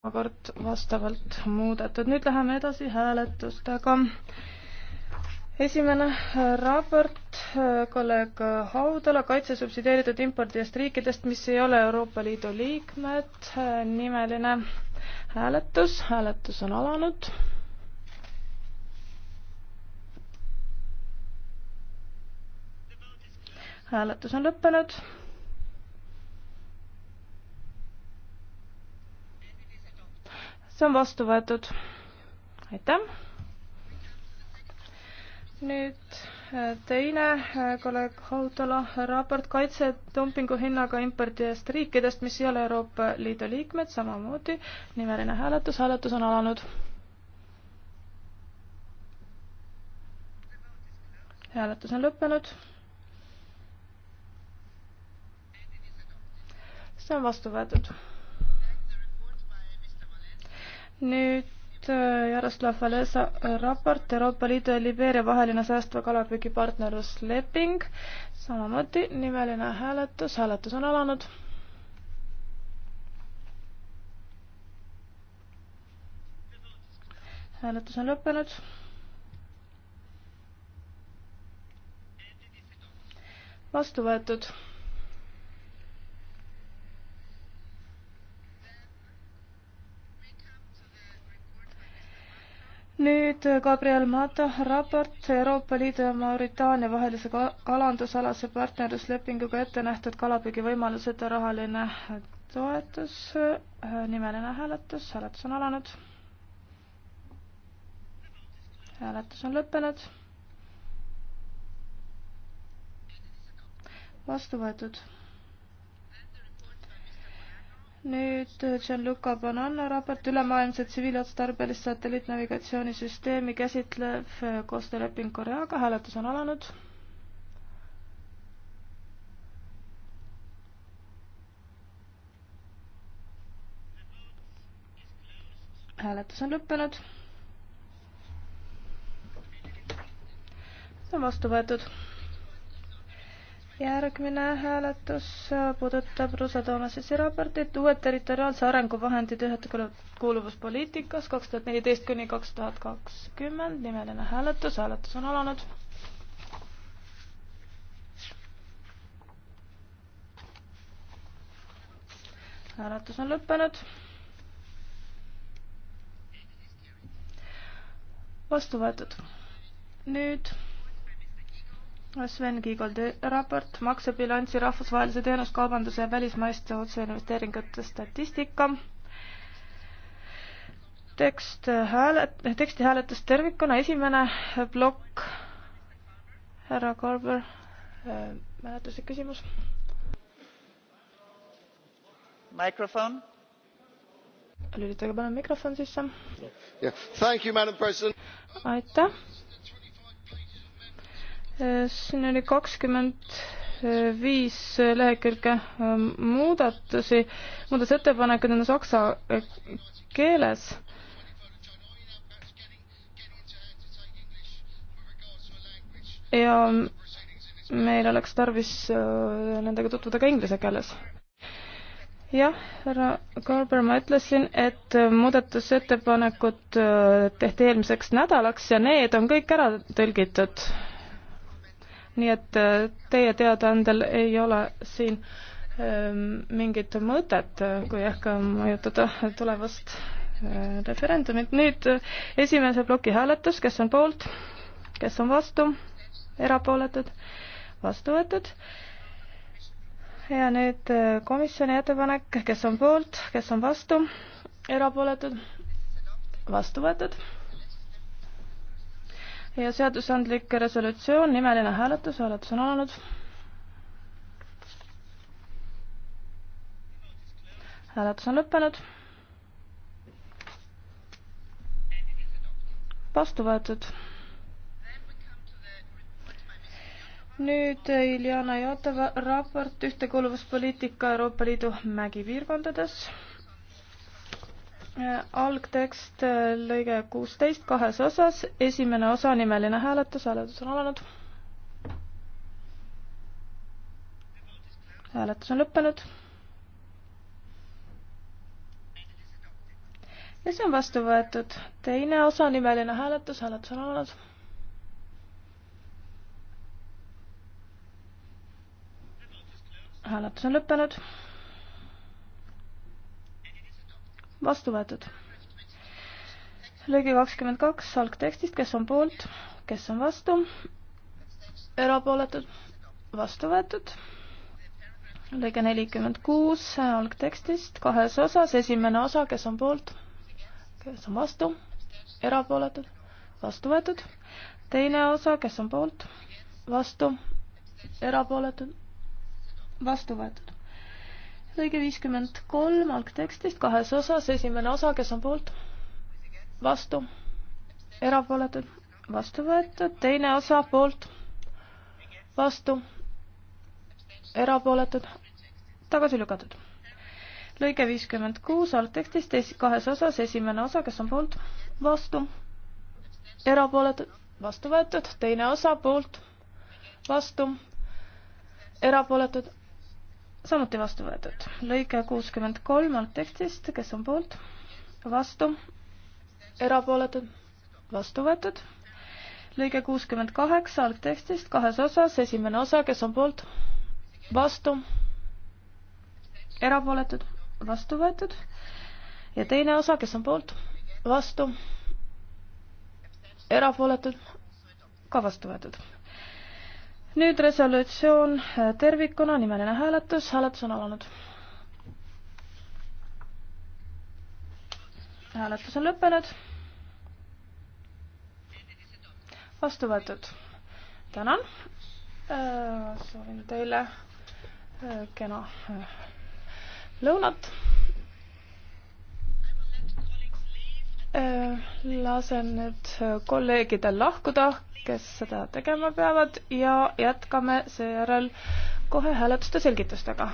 kord vastavalt muudetud. nüüd läheme edasi hääletustega. esimene raport kolleeg Haudala kaitse subsideeritud impordist riikidest, mis ei ole Euroopa Liidu liikmed. nimeline hääletus, hääletus on alanud. hääletus on lõppenud see on vastu võetud. aitäh. nüüd äh, teine äh, kolleeg Hautala raport kaitse dumpingu hinnaga impordist riikidest, mis ei ole Euroopa Liidu liikmed, samamoodi nimeline hääletus, hääletus on alanud. hääletus on lõppenud. see on vastu võetud nüüd äh, Jaroslav Valesa raport Euroopa Liidu ja Libeeria vaheline säästva kalapüügi partnerlusleping, samamoodi nimeline hääletus, hääletus on alanud. hääletus on lõppenud. vastu võetud nüüd Gabriel Mata raport Euroopa Liidu ja Mauritaania vahelise kalandusalase partnerluslepinguga ette nähtud kalapüügivõimalused ja rahaline toetus, äh, nimeline hääletus, hääletus on alanud. hääletus on lõppenud. vastu võetud nüüd äh, Gianluca Bonanno raport ülemaailmse tsiviilotstarbelist satelliitnavigatsioonisüsteemi käsitlev äh, koostööleping Koreaga, hääletus on alanud. hääletus on lõppenud. see on vastu võetud järgmine hääletus puudutab Rusa Toomasesi raportit Uued territoriaalse arengu vahendid ühtekuuluvuspoliitikas kaks tuhat neliteist kuni kaks tuhat kakskümmend. nimeline hääletus, hääletus on alanud. hääletus on lõppenud. vastu võetud. nüüd Sven Kiigoldi raport Maksebilansi rahvusvahelise teenuskaubanduse ja välismaiste otseinvesteeringute statistika. tekst häälet-, teksti hääletus tervikuna, esimene plokk, härra Korber, äh, mäletuslik küsimus. mikrofon. lülitage palun mikrofon sisse. aitäh siin oli kakskümmend viis lehekülge ähm, muudatusi, muudatusettepanekud on saksa äh, keeles ja meil oleks tarvis äh, nendega tutvuda ka inglise keeles. jah, härra Karber, ma ütlesin, et äh, muudatusettepanekud tehti eelmiseks nädalaks ja need on kõik ära tõlgitud nii et äh, teie teadaandel ei ole siin ähm, mingit mõtet, äh, kui ehk äh, mõjutada tulevast referendumit. nüüd esimese ploki hääletus, kes on poolt, kes on vastu, erapooletud, vastu võetud. ja nüüd komisjoni ettepanek, kes on poolt, kes on vastu, erapooletud, vastu võetud ja seadusandlik resolutsioon, nimeline hääletus, hääletus on alanud. hääletus on lõppenud. vastu võetud. nüüd Iljana Jotova raport ühtekuuluvuspoliitika Euroopa Liidu mägipiirkondades algtekst äh, lõige kuusteist kahes osas, esimene osa nimeline hääletus, hääletus on alanud. hääletus on lõppenud. ja see on vastu võetud. teine osa nimeline hääletus, hääletus on alanud. hääletus on lõppenud vastu võetud. lõige kakskümmend kaks algtekstist, kes on poolt, kes on vastu, erapooletud, vastu võetud. lõige nelikümmend kuus algtekstist kahes osas, esimene osa, kes on poolt, kes on vastu, erapooletud, vastu võetud. teine osa, kes on poolt, vastu, erapooletud, vastu võetud lõige viiskümmend kolm algtekstist kahes osas, esimene osa, kes on poolt, vastu, erapooletud, vastu võetud, teine osa poolt, vastu, erapooletud, tagasi lükatud. lõige viiskümmend kuus algtekstist kahes osas, esimene osa, kes on poolt, vastu, erapooletud, vastu võetud, teine osa poolt, vastu, erapooletud samuti vastu võetud. lõige kuuskümmend kolm algtekstist, kes on poolt, vastu, erapooletud, vastu võetud. lõige kuuskümmend kaheksa algtekstist kahes osas, esimene osa, kes on poolt, vastu, erapooletud, vastu võetud. ja teine osa, kes on poolt, vastu, erapooletud, ka vastu võetud nüüd resolutsioon äh, tervikuna, nimeline hääletus, hääletus on alanud. hääletus on lõppenud. vastu võetud. tänan. Äh, soovin teile äh, kena lõunat. Äh, lasen nüüd äh, kolleegidel lahkuda, kes seda tegema peavad ja jätkame seejärel kohe hääletuste selgitustega.